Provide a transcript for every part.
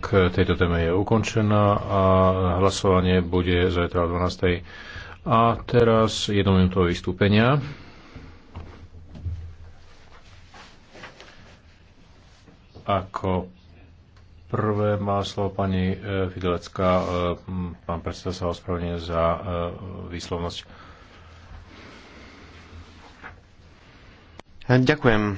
k tejto téme je ukončená a hlasovanie bude zajtra o 12. A teraz jednominútové vystúpenia. Ako prvé má slovo pani eh, Fidelecká, eh, pán predseda sa ospravedlňuje za eh, výslovnosť. Ďakujem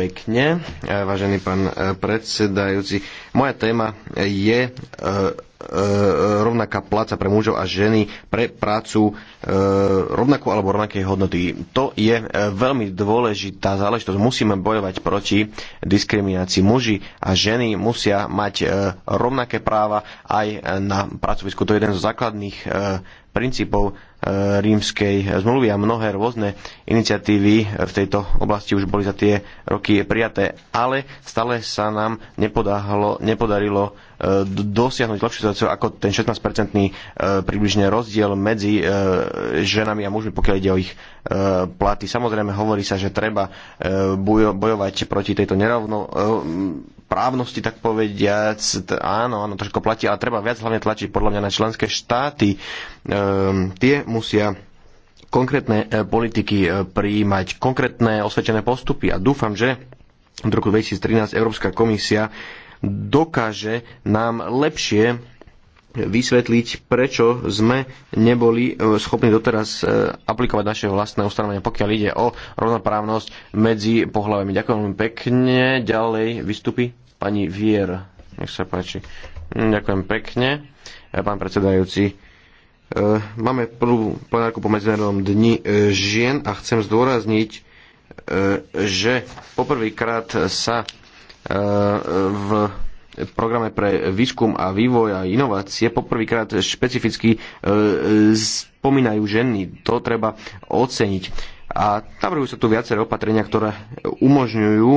pekne, e, vážený pán e, predsedajúci. Moja téma je e, rovnaká pláca pre mužov a ženy pre prácu rovnakú alebo rovnakej hodnoty. To je veľmi dôležitá záležitosť. Musíme bojovať proti diskriminácii. Muži a ženy musia mať rovnaké práva aj na pracovisku. To je jeden z základných princípov rímskej zmluvy a mnohé rôzne iniciatívy v tejto oblasti už boli za tie roky prijaté, ale stále sa nám nepodahlo, nepodarilo e, dosiahnuť lepšiu situáciu ako ten 16-percentný e, približne rozdiel medzi e, ženami a mužmi, pokiaľ ide o ich platy. Samozrejme hovorí sa, že treba bojovať proti tejto nerovno správnosti, tak povediac. Áno, áno, trošku platí, ale treba viac hlavne tlačiť podľa mňa na členské štáty. Ehm, tie musia konkrétne e, politiky e, prijímať, konkrétne osvedčené postupy a dúfam, že od roku 2013 Európska komisia dokáže nám lepšie vysvetliť, prečo sme neboli e, schopní doteraz aplikovať naše vlastné ustanovenie, pokiaľ ide o rovnoprávnosť medzi pohľavami. Ďakujem veľmi pekne. Ďalej vystupy. Pani Vier, nech sa páči. Mm, Ďakujem pekne. E, pán predsedajúci, e, máme prvú plenárku po Medzinárodnom dni e, žien a chcem zdôrazniť, že poprvýkrát sa v programe pre výskum a vývoj a inovácie poprvýkrát špecificky spomínajú ženy. To treba oceniť. A navrhujú sa tu viaceré opatrenia, ktoré umožňujú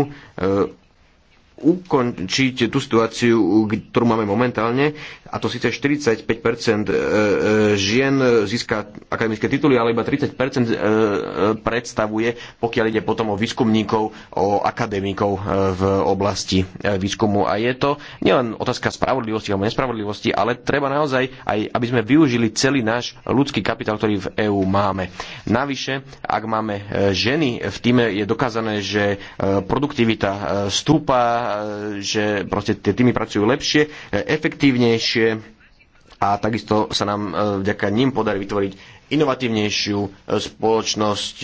ukončiť tú situáciu, ktorú máme momentálne, a to síce 45% e, e, žien získa akademické tituly, ale iba 30% e, predstavuje, pokiaľ ide potom o výskumníkov, o akademikov v oblasti výskumu. A je to nielen otázka spravodlivosti alebo nespravodlivosti, ale treba naozaj aj, aby sme využili celý náš ľudský kapitál, ktorý v EÚ máme. Navyše, ak máme ženy v týme, je dokázané, že produktivita stúpa, že proste tie týmy pracujú lepšie, e, efektívnejšie a takisto sa nám e, vďaka ním podarí vytvoriť inovatívnejšiu e, spoločnosť,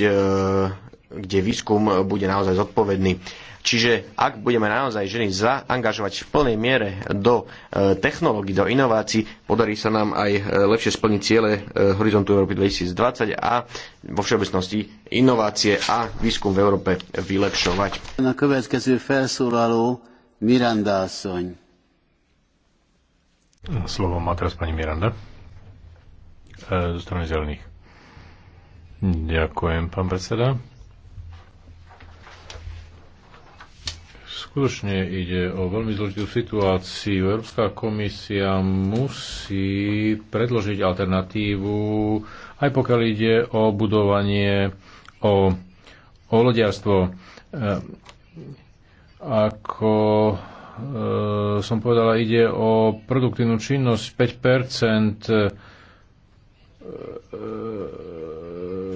kde výskum bude naozaj zodpovedný. Čiže ak budeme naozaj ženy zaangažovať v plnej miere do e, technológií, do inovácií, podarí sa nám aj e, lepšie splniť ciele e, Horizontu Európy 2020 a vo všeobecnosti inovácie a výskum v Európe vylepšovať. Na következő felszólaló Miranda asszony. Slovo má teraz pani Miranda zo strany zelených. Ďakujem, pán predseda. Skutočne ide o veľmi zložitú situáciu. Európska komisia musí predložiť alternatívu, aj pokiaľ ide o budovanie, o, o lodiarstvo. E, ako e, som povedala, ide o produktívnu činnosť 5 e, e,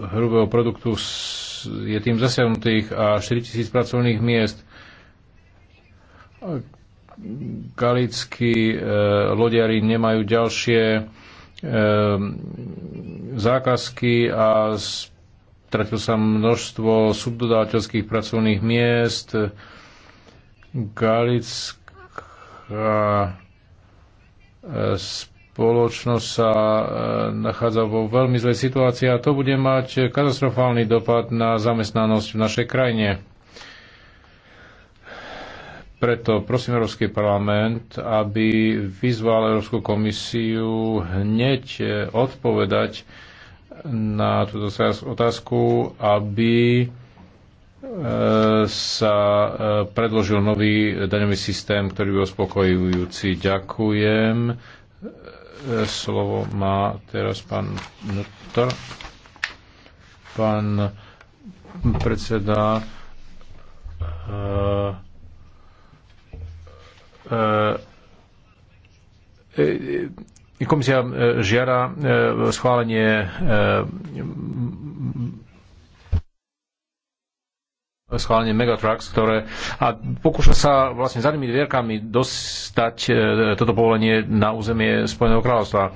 hrubého produktu je tým zasiahnutých a 4000 pracovných miest galickí e, lodiari nemajú ďalšie e, zákazky a stratilo sa množstvo subdodávateľských pracovných miest. Galická e, spoločnosť sa e, nachádza vo veľmi zlej situácii a to bude mať katastrofálny dopad na zamestnanosť v našej krajine. Preto prosím Európsky parlament, aby vyzval Európsku komisiu hneď eh, odpovedať na túto otázku, aby eh, sa eh, predložil nový daňový systém, ktorý by uspokojujúci. Ďakujem. Slovo má teraz pán Nutter. Pán predseda E, e, e, komisia žiada schválenie schválenie Megatrucks, ktoré a pokúša sa vlastne zadnými dvierkami dostať e, toto povolenie na územie Spojeného kráľovstva. E,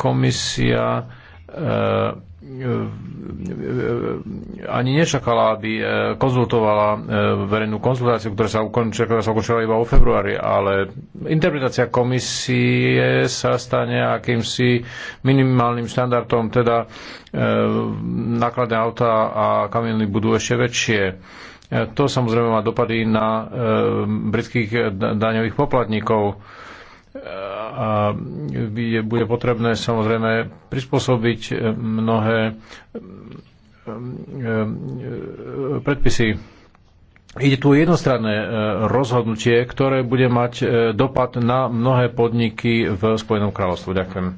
komisia E, e, e, ani nečakala, aby konzultovala verejnú konzultáciu, ktorá sa, ukončila, ktorá sa ukončila iba vo februári, ale interpretácia komisie sa stane akýmsi minimálnym štandardom, teda nákladné auta a kamiony budú ešte väčšie. To samozrejme má dopady na britských daňových poplatníkov a bude potrebné samozrejme prispôsobiť eh, mnohé eh, eh, predpisy. Ide tu jednostranné rozhodnutie, ktoré bude mať dopad na mnohé podniky v Spojenom kráľovstve. Ďakujem.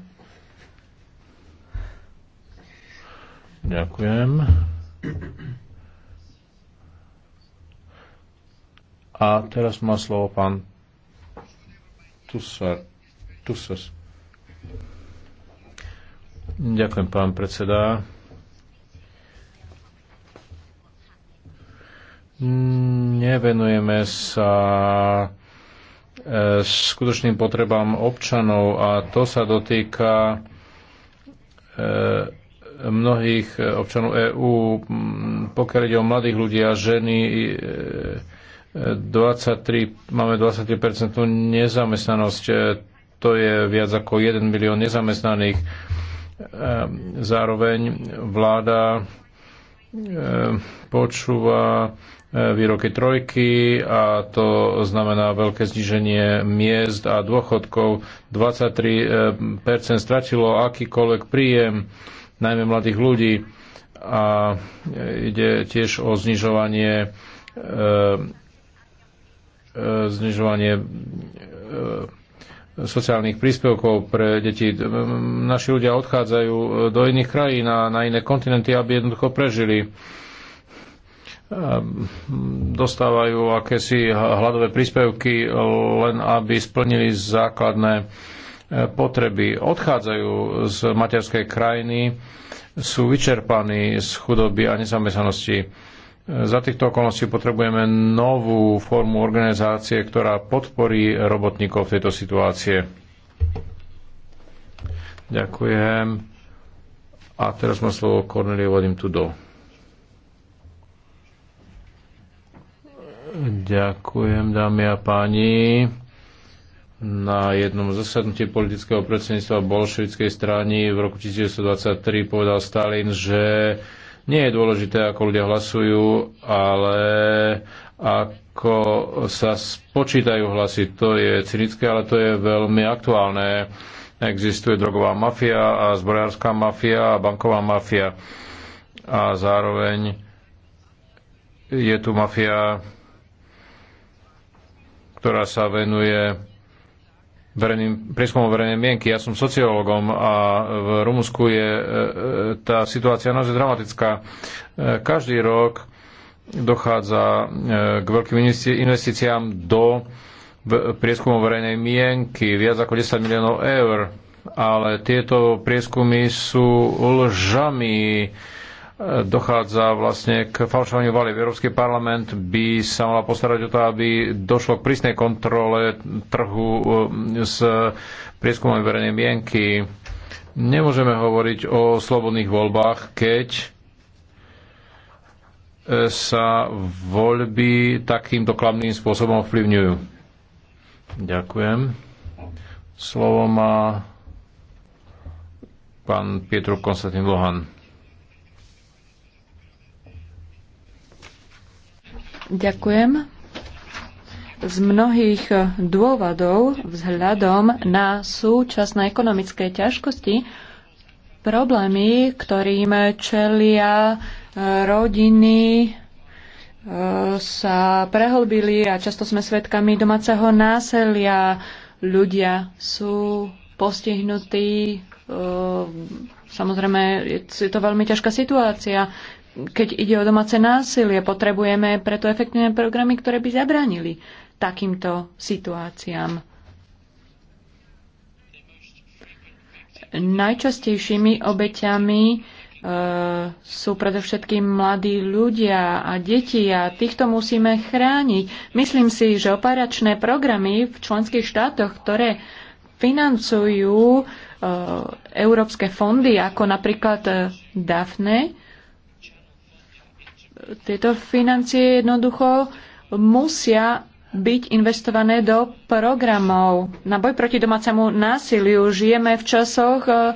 Ďakujem. A teraz má slovo pán Tusar, Tusas. Ďakujem, pán predseda. Nevenujeme sa e, skutočným potrebám občanov a to sa dotýka e, mnohých občanov EÚ, pokiaľ ide o mladých ľudí a ženy, e, 23, máme 23% nezamestnanosť, e, to je viac ako 1 milión nezamestnaných. E, zároveň vláda e, počúva výroky trojky a to znamená veľké zniženie miest a dôchodkov. 23% stratilo akýkoľvek príjem, najmä mladých ľudí a ide tiež o znižovanie E, znižovanie e, sociálnych príspevkov pre deti. E, naši ľudia odchádzajú do iných krajín a na iné kontinenty, aby jednoducho prežili. Dostávajú akési hladové príspevky, len aby splnili základné potreby. Odchádzajú z materskej krajiny, sú vyčerpaní z chudoby a nezamestnanosti za týchto okolností potrebujeme novú formu organizácie, ktorá podporí robotníkov v tejto situácie. Ďakujem. A teraz má slovo Kornelie Vadim Tudo. Ďakujem, dámy a páni. Na jednom zasadnutí politického predsedníctva bolševickej strany v roku 1923 povedal Stalin, že nie je dôležité, ako ľudia hlasujú, ale ako sa spočítajú hlasy. To je cynické, ale to je veľmi aktuálne. Existuje drogová mafia a zbrojárska mafia a banková mafia. A zároveň je tu mafia, ktorá sa venuje verejným, prieskumom verejnej mienky. Ja som sociológom a v Rumunsku je e, e, tá situácia naozaj dramatická. E, každý rok dochádza k veľkým investíciám do prieskumov verejnej mienky, viac ako 10 miliónov eur, ale tieto prieskumy sú lžami dochádza vlastne k falšovaniu valie. Európsky parlament by sa mal postarať o to, aby došlo k prísnej kontrole trhu um, s prieskumom verejnej mienky. Nemôžeme hovoriť o slobodných voľbách, keď e, sa voľby takýmto klamným spôsobom vplyvňujú. Ďakujem. Slovo má pán Pietro Konstantin Lohan. Ďakujem. Z mnohých dôvodov vzhľadom na súčasné ekonomické ťažkosti, problémy, ktorým čelia e, rodiny, e, sa prehlbili a často sme svedkami domáceho násilia. Ľudia sú postihnutí. E, samozrejme, je to veľmi ťažká situácia keď ide o domáce násilie, potrebujeme preto efektívne programy, ktoré by zabránili takýmto situáciám. Najčastejšími obeťami e, sú predovšetkým mladí ľudia a deti a týchto musíme chrániť. Myslím si, že operačné programy v členských štátoch, ktoré financujú e, európske fondy, ako napríklad e, DAFNE, tieto financie jednoducho musia byť investované do programov na boj proti domácemu násiliu. Žijeme v časoch, e,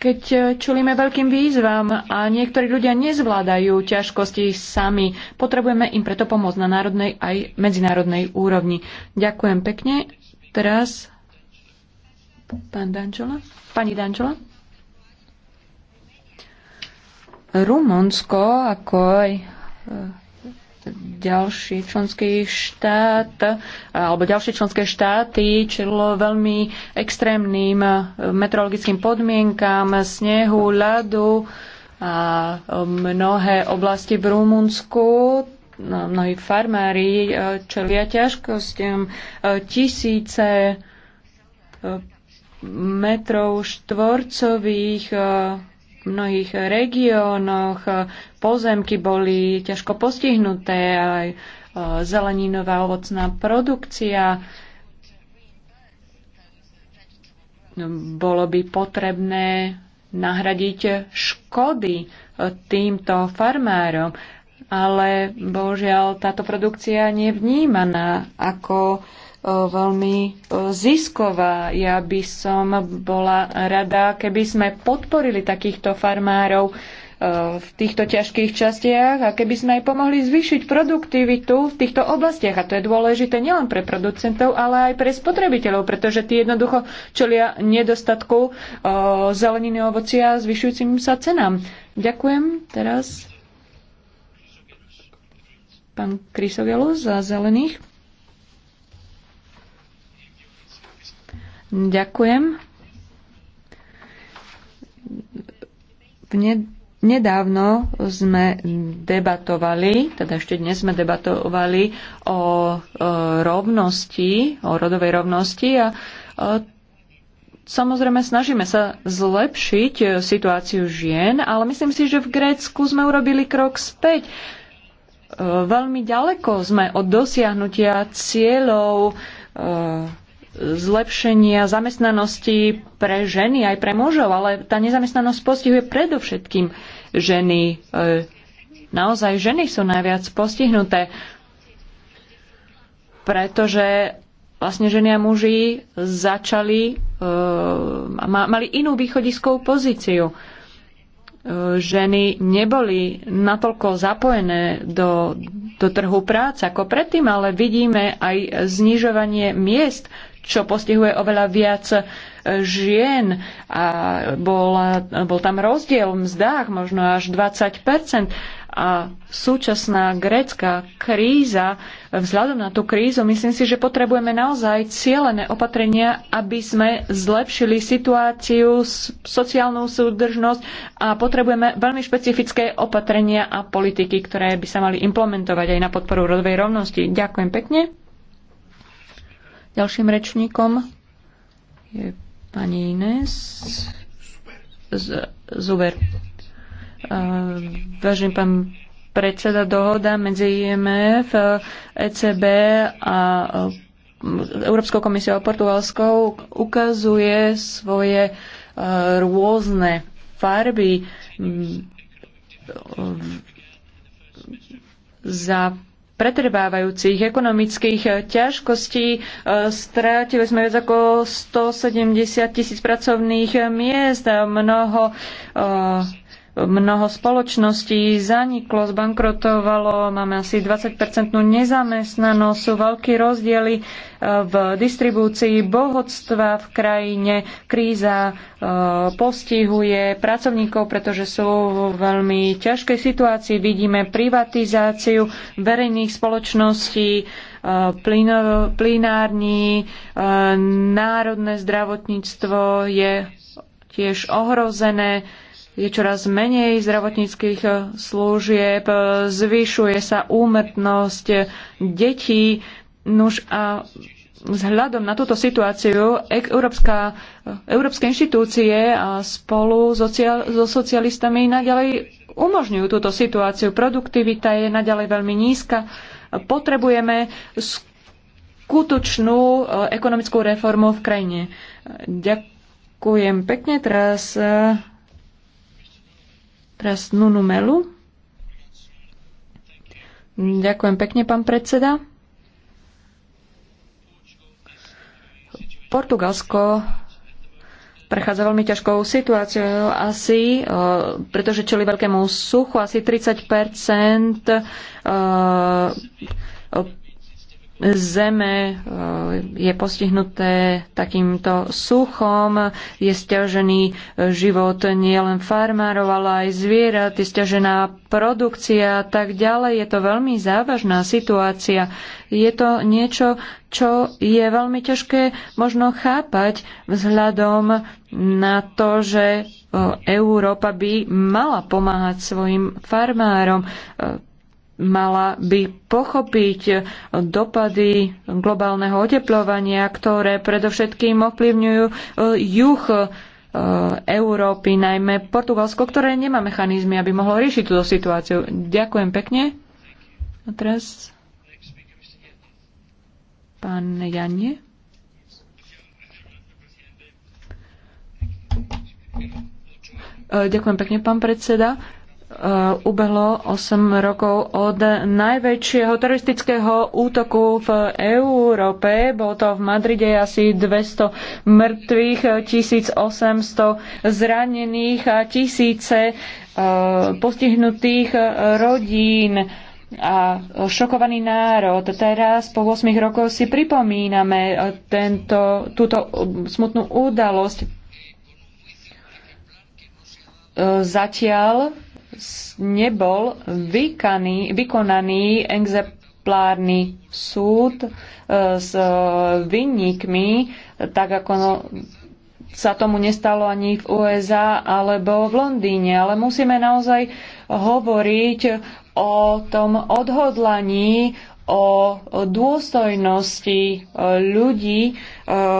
keď e, čulíme veľkým výzvam a niektorí ľudia nezvládajú ťažkosti sami. Potrebujeme im preto pomoc na národnej aj medzinárodnej úrovni. Ďakujem pekne. Teraz pán Dančola. Pani Dančola. Rumunsko, ako aj ďalší členský štát alebo ďalšie členské štáty čelilo veľmi extrémnym eh, meteorologickým podmienkam, snehu, ľadu a eh, mnohé oblasti v Rumunsku no, mnohí farmári eh, čelia ťažkostiam. Tisíce metrov štvorcových mnohých regiónoch pozemky boli ťažko postihnuté, aj e, zeleninová ovocná produkcia. Bolo by potrebné nahradiť škody e, týmto farmárom, ale bohužiaľ táto produkcia nie je vnímaná ako uh, veľmi zisková. Ja by som bola rada, keby sme podporili takýchto farmárov v týchto ťažkých častiach a keby sme aj pomohli zvýšiť produktivitu v týchto oblastiach. A to je dôležité nielen pre producentov, ale aj pre spotrebiteľov, pretože tí jednoducho čelia nedostatku zeleniny, ovocia a zvyšujúcim sa cenám. Ďakujem teraz pán Krysovielu za zelených. Ďakujem. Nedávno sme debatovali, teda ešte dnes sme debatovali o rovnosti, o rodovej rovnosti a samozrejme snažíme sa zlepšiť situáciu žien, ale myslím si, že v Grécku sme urobili krok späť. E, veľmi ďaleko sme od dosiahnutia cieľov e, zlepšenia zamestnanosti pre ženy aj pre mužov, ale tá nezamestnanosť postihuje predovšetkým ženy. E, naozaj ženy sú najviac postihnuté, pretože vlastne ženy a muži začali, e, mali inú východiskovú pozíciu. E, ženy neboli natoľko zapojené do, do trhu práce ako predtým, ale vidíme aj znižovanie miest čo postihuje oveľa viac e, žien a bol, bol tam rozdiel v mzdách možno až 20 a súčasná grécka kríza, vzhľadom na tú krízu, myslím si, že potrebujeme naozaj cielené opatrenia, aby sme zlepšili situáciu, sociálnu súdržnosť a potrebujeme veľmi špecifické opatrenia a politiky, ktoré by sa mali implementovať aj na podporu rodovej rovnosti. Ďakujem pekne. Ďalším rečníkom je pani Ines Zuber. Vážený pán predseda, dohoda medzi IMF, ECB a e, Európskou komisiou a Portugalskou ukazuje svoje e, rôzne farby za pretrvávajúcich ekonomických eh, ťažkostí. Eh, strátili sme viac ako 170 tisíc pracovných eh, miest, mnoho Mnoho spoločností zaniklo, zbankrotovalo, máme asi 20-percentnú nezamestnanosť, sú veľké rozdiely e, v distribúcii bohatstva v krajine. Kríza e, postihuje pracovníkov, pretože sú v veľmi ťažkej situácii. Vidíme privatizáciu verejných spoločností, e, plinárni, národné zdravotníctvo je tiež ohrozené je čoraz menej zdravotníckých eh, služieb, eh, zvyšuje sa úmrtnosť eh, detí. Nuž a vzhľadom na túto situáciu Európska, európske inštitúcie a spolu so socialistami naďalej umožňujú túto situáciu. Produktivita je naďalej veľmi nízka. Potrebujeme skutočnú ekonomickú reformu v krajine. Ďakujem pekne. Teraz Teraz Nunu Melu. Ďakujem pekne, pán predseda. Portugalsko prechádza veľmi ťažkou situáciou asi, eh, pretože čeli veľkému suchu, asi 30 zeme eh, je postihnuté takýmto suchom, je stiažený eh, život nielen farmárov, ale aj zvierat, je stiažená produkcia a tak ďalej. Je to veľmi závažná situácia. Je to niečo, čo je veľmi ťažké možno chápať vzhľadom na to, že eh, Európa by mala pomáhať svojim farmárom mala by pochopiť dopady globálneho oteplovania, ktoré predovšetkým ovplyvňujú e, juh e, Európy, najmä Portugalsko, ktoré nemá mechanizmy, aby mohlo riešiť túto situáciu. Ďakujem pekne. A teraz pán Janie. E, ďakujem pekne, pán predseda. Eh, ubehlo 8 rokov od najväčšieho teroristického útoku v Európe. Bolo to v Madride asi 200 mŕtvych, 1800 zranených a tisíce eh, postihnutých rodín a šokovaný národ. Teraz po 8 rokoch si pripomíname eh, tento, túto smutnú udalosť. Zatiaľ nebol vykaný, vykonaný exemplárny súd e, s e, vinníkmi, tak ako no, sa tomu nestalo ani v USA alebo v Londýne. Ale musíme naozaj hovoriť o tom odhodlaní, o dôstojnosti e, ľudí, e,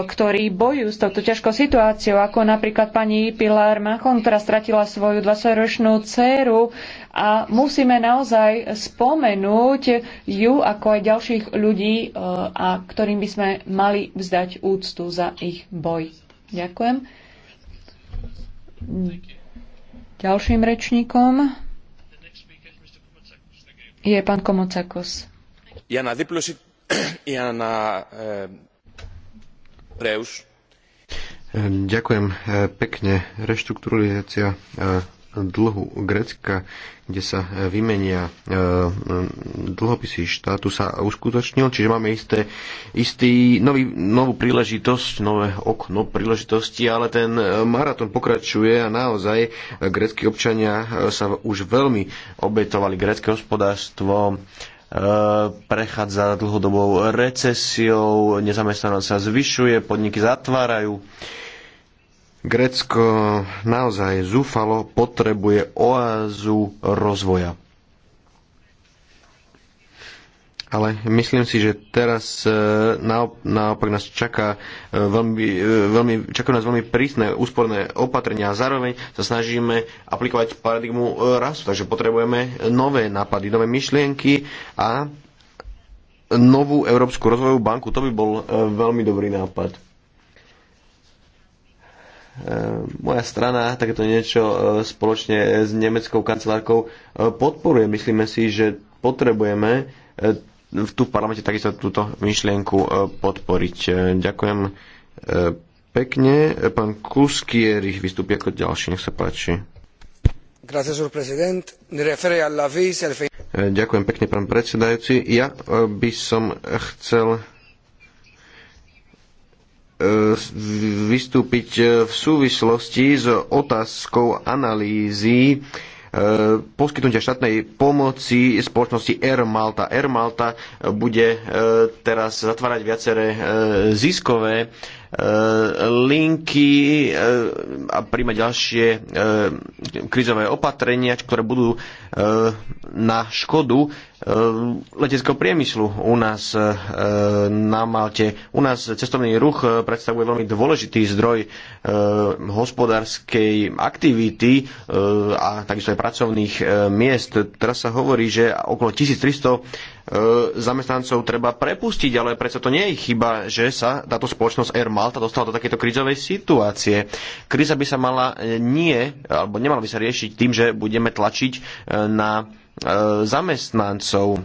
ktorí bojujú s touto ťažkou situáciou, ako napríklad pani Pilar Machon, ktorá stratila svoju 20-ročnú dceru a musíme naozaj spomenúť ju ako aj ďalších ľudí, e, a ktorým by sme mali vzdať úctu za ich boj. Ďakujem. Ďalším rečníkom je pán Komocakos. Η αναδίπλωση, η ανα, Ďakujem pekne. Reštrukturizácia dlhu Grécka, kde sa e, vymenia e, dlhopisy štátu, sa uskutočnil, čiže máme isté, istý nový, novú príležitosť, nové okno príležitosti, ale ten e, maratón pokračuje a naozaj grécky občania sa už veľmi obetovali. Grécké hospodárstvo E, prechádza dlhodobou recesiou, nezamestnanosť sa zvyšuje, podniky zatvárajú. Grécko naozaj zúfalo potrebuje oázu rozvoja. ale myslím si, že teraz e, naopak nás čaká e, veľmi, e, veľmi, čakajú nás veľmi prísne úsporné opatrenia a zároveň sa snažíme aplikovať paradigmu rastu, takže potrebujeme nové nápady, nové myšlienky a novú Európsku rozvojovú banku. To by bol veľmi dobrý nápad moja strana takéto niečo spoločne s nemeckou kancelárkou podporuje. Myslíme si, že potrebujeme No, tu v parlamente takisto túto myšlienku e, podporiť. E, ďakujem e, pekne. Pán ich vystúpi ako ďalší, nech sa páči. Ďakujem pekne, pán predsedajúci. Ja by som chcel vystúpiť v súvislosti s otázkou analýzy E, poskytnutia štátnej pomoci spoločnosti Air Malta. Air Malta bude e, teraz zatvárať viaceré e, ziskové E, linky e, a príjme ďalšie e, krizové opatrenia, ktoré budú na škodu leteckého priemyslu u nás na Malte. U nás cestovný ruch predstavuje veľmi dôležitý zdroj hospodárskej aktivity a takisto aj pracovných miest. Teraz sa hovorí, že okolo 1300 E, zamestnancov treba prepustiť, ale predsa to nie je chyba, že sa táto spoločnosť Air Malta dostala do takéto krízovej situácie. Kríza by sa mala e, nie, alebo nemala by sa riešiť tým, že budeme tlačiť e, na zamestnancov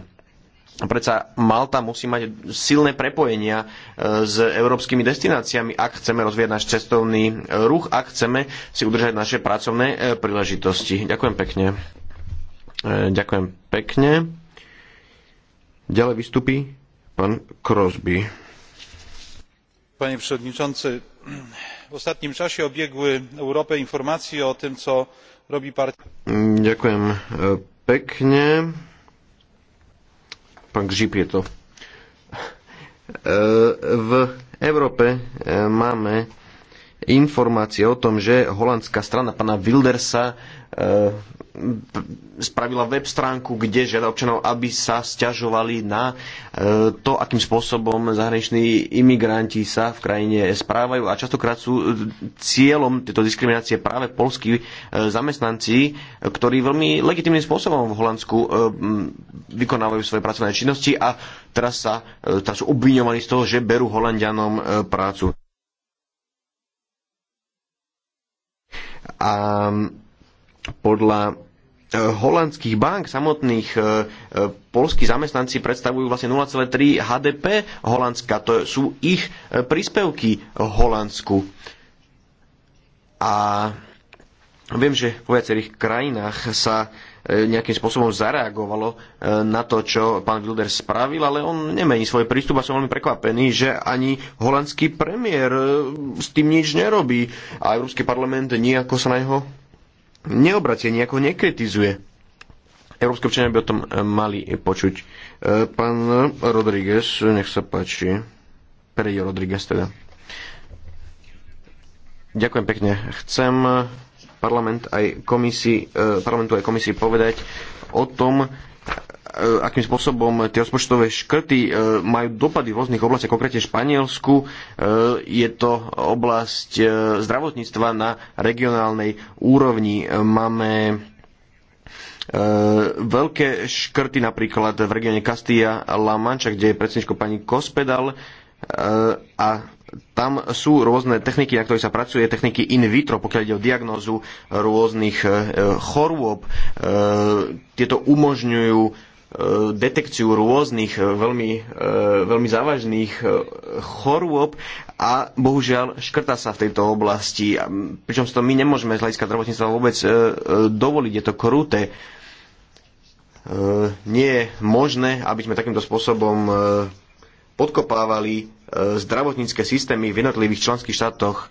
Predsa Malta musí mať silné prepojenia s európskymi destináciami, ak chceme rozvíjať náš cestovný ruch, ak chceme si udržať naše pracovné príležitosti. Ďakujem pekne. Ďakujem pekne. Ďalej vystupí pán Crosby. Panie przewodniczący, w ostatnim czasie obiegły Europę informacje o tym, co robí partia. Ďakujem e, pekne. Pán Gžip je to. E, v Európe e, máme informácie o tom, že holandská strana pana Wildersa spravila web stránku, kde žiada občanov, aby sa stiažovali na e, to, akým spôsobom zahraniční imigranti sa v krajine správajú. A častokrát sú e, cieľom tejto diskriminácie práve polskí e, zamestnanci, ktorí veľmi legitimným spôsobom v Holandsku vykonávajú svoje pracovné činnosti a teraz, sa, teraz sú obviňovaní z toho, že berú Holandianom prácu. A podľa eh, holandských bank samotných eh, eh, polskí zamestnanci predstavujú vlastne 0,3 HDP Holandska. To sú ich príspevky Holandsku. A viem, že vo viacerých krajinách sa nejakým spôsobom zareagovalo na to, čo pán Wilder spravil, ale on nemení svoj prístup a som veľmi prekvapený, že ani holandský premiér s tým nič nerobí a Európsky parlament nejako sa na neho neobracie, nejako nekritizuje. Európske občania by o tom e, mali počuť. E, pán Rodríguez, nech sa páči. Perejo Rodríguez teda. Ďakujem pekne. Chcem parlament aj komisii, e, parlamentu aj komisii povedať o tom, E, akým spôsobom tie rozpočtové škrty e, majú dopady v rôznych oblastiach, konkrétne Španielsku. E, je to oblasť zdravotníctva na regionálnej úrovni. Máme veľké škrty napríklad v regióne Castilla La Mancha, kde je predsedničko pani Kospedal a tam sú rôzne techniky, na ktorých sa pracuje, techniky in vitro, pokiaľ ide o diagnózu rôznych chorôb. Tieto umožňujú detekciu rôznych e, veľmi, e, veľmi závažných e, chorôb a bohužiaľ škrta sa v tejto oblasti. Pričom to my nemôžeme z hľadiska zdravotníctva vôbec dovoliť, je to kruté. Nie je možné, aby sme takýmto spôsobom podkopávali zdravotnícke systémy v jednotlivých členských štátoch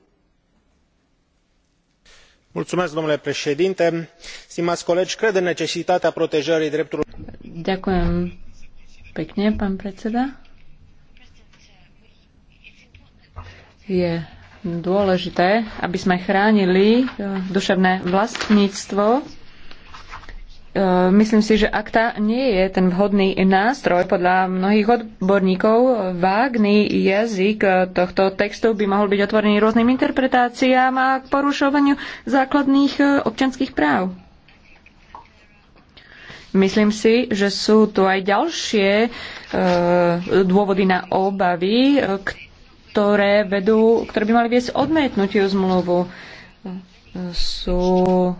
cred în necesitatea protejării drepturilor. Ďakujem pekne, pán predseda. Je dôležité, aby sme chránili eh, duševné vlastníctvo E, myslím si, že akta nie je ten vhodný nástroj. Podľa mnohých odborníkov e, vágný jazyk e, tohto textu by mohol byť otvorený rôznym interpretáciám a k porušovaniu základných občanských práv. Myslím si, že sú tu aj ďalšie e, dôvody na obavy, ktoré, vedú, ktoré by mali viesť odmietnutiu zmluvu sú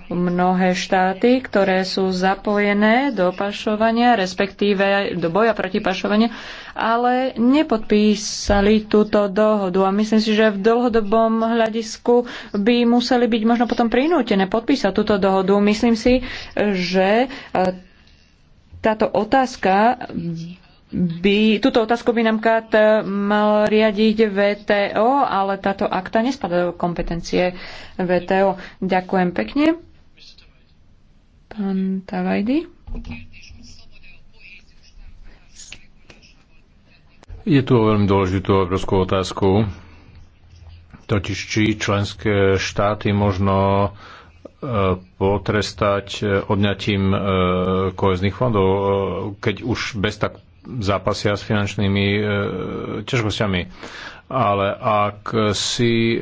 mnohé štáty, ktoré sú zapojené do pašovania, respektíve do boja proti pašovaniu, ale nepodpísali túto dohodu a myslím si, že v dlhodobom hľadisku by museli byť možno potom prinútené podpísať túto dohodu. Myslím si, že e, táto otázka by, túto otázku by nám KAT eh, mal riadiť VTO, ale táto akta nespadá do kompetencie VTO. Ďakujem pekne. Pán Tavajdy. Je tu veľmi dôležitú obrovskú otázku, totiž či členské štáty možno eh, potrestať odňatím eh, kohezných fondov, keď už bez tak zápasia s finančnými e, ťažkosťami. Ale ak si e,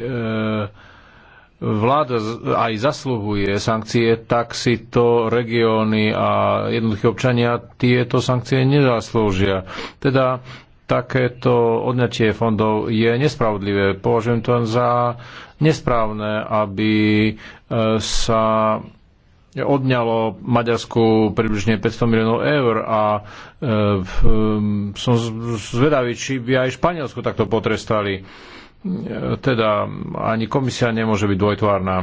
vláda aj zasluhuje sankcie, tak si to regióny a jednoduchí občania tieto sankcie nezaslúžia. Teda takéto odňatie fondov je nespravodlivé. Považujem to za nesprávne, aby e, sa odňalo Maďarsku približne 500 miliónov eur a e, som zvedavý, či by aj Španielsku takto potrestali. E, teda ani komisia nemôže byť dvojtvárna.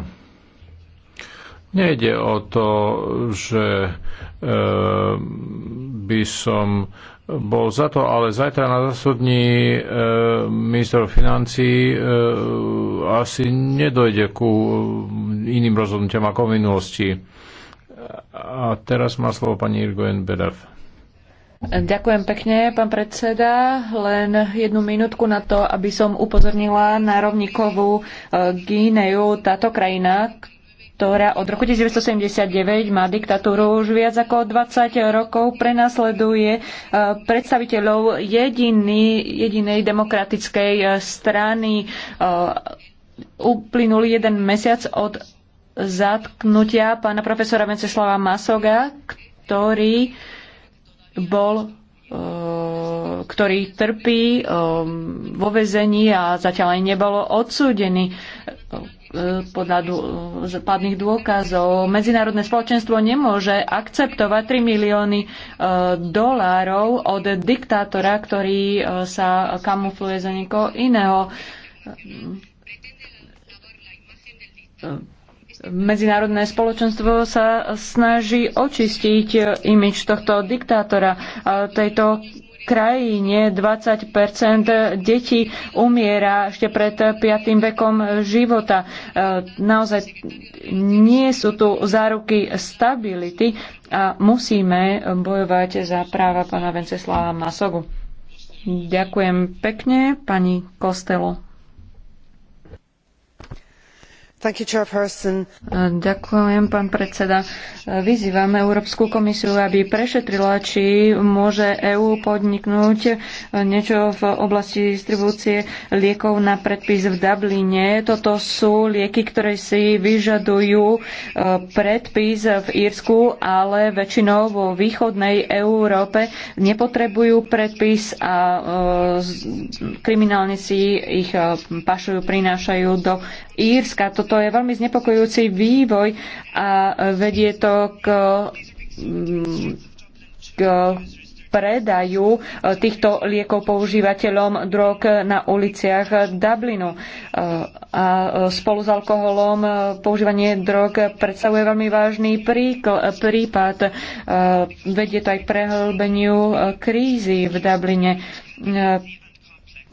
Nejde o to, že e, by som bol za to, ale zajtra na zásadní e, minister financí e, asi nedojde ku e, iným rozhodnutiam ako v minulosti a teraz má slovo pani Irgoen Bedav. Ďakujem pekne, pán predseda. Len jednu minútku na to, aby som upozornila na rovníkovú e, Gíneju. Táto krajina, ktorá od roku 1979 má diktatúru už viac ako 20 rokov, prenasleduje e, predstaviteľov jediný, jedinej demokratickej e, strany. Uplynul jeden mesiac od zatknutia pána profesora Venceslava Masoga, ktorý bol e, ktorý trpí e, vo vezení a zatiaľ aj nebolo odsúdený e, podľa pádnych dôkazov. Medzinárodné spoločenstvo nemôže akceptovať 3 milióny dolárov od diktátora, ktorý sa kamufluje za niekoho iného medzinárodné spoločenstvo sa snaží očistiť e, imič tohto diktátora, tejto krajine 20 detí umiera ešte pred 5. vekom života. E, naozaj nie sú tu záruky stability a musíme bojovať za práva pána Venceslava Masogu. Ďakujem pekne, pani Kostelo. Ďakujem, pán predseda. Vyzývam Európsku komisiu, aby prešetrila, či môže EÚ podniknúť niečo v oblasti distribúcie liekov na predpis v Dubline. Toto sú lieky, ktoré si vyžadujú e, predpis v Írsku, ale väčšinou vo východnej Európe nepotrebujú predpis a e, kriminálni si ich e, pašujú, prinášajú do Írska. Toto toto je veľmi znepokojujúci vývoj a vedie to k, k predajú týchto liekov používateľom drog na uliciach Dublinu. A spolu s alkoholom používanie drog predstavuje veľmi vážny prípad. Vedie to aj k prehlbeniu krízy v Dubline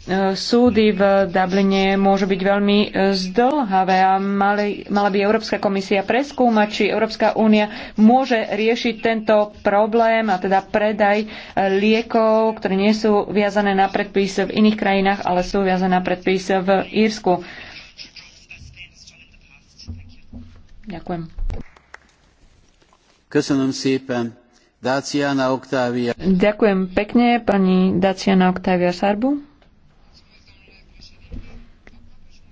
E, súdy v Dubline môžu byť veľmi e, zdlhavé a mali, mala by Európska komisia preskúmať, či Európska únia môže riešiť tento problém a teda predaj e, liekov, ktoré nie sú viazané na predpis v iných krajinách, ale sú viazané na predpis v Írsku. Ďakujem. Ďakujem pekne pani Daciana Octavia Sarbu.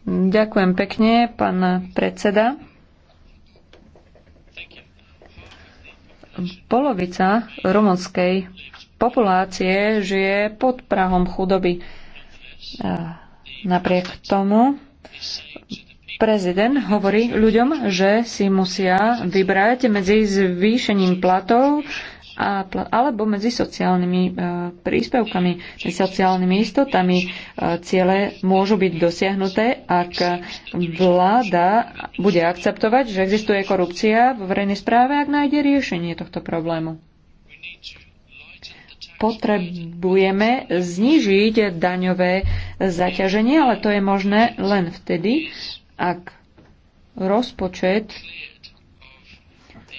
Ďakujem pekne, pán predseda. Polovica rumunskej populácie žije pod prahom chudoby. Napriek tomu prezident hovorí ľuďom, že si musia vybrať medzi zvýšením platov a, alebo medzi sociálnymi e, príspevkami, medzi sociálnymi istotami. E, ciele môžu byť dosiahnuté, ak vláda bude akceptovať, že existuje korupcia vo verejnej správe, ak nájde riešenie tohto problému. Potrebujeme znižiť daňové zaťaženie, ale to je možné len vtedy, ak rozpočet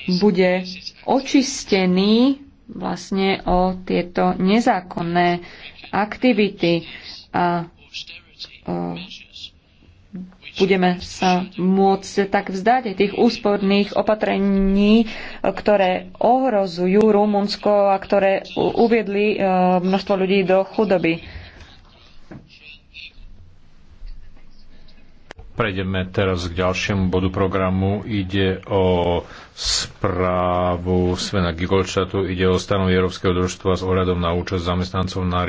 bude očistený vlastne o tieto nezákonné aktivity a o, budeme sa môcť tak vzdať aj tých úsporných opatrení, ktoré ohrozujú Rumunsko a ktoré uviedli e, množstvo ľudí do chudoby. Prejdeme teraz k ďalšiemu bodu programu. Ide o správu Svena Gigolčatu, ide o stanovy Európskeho družstva s ohľadom na účasť zamestnancov na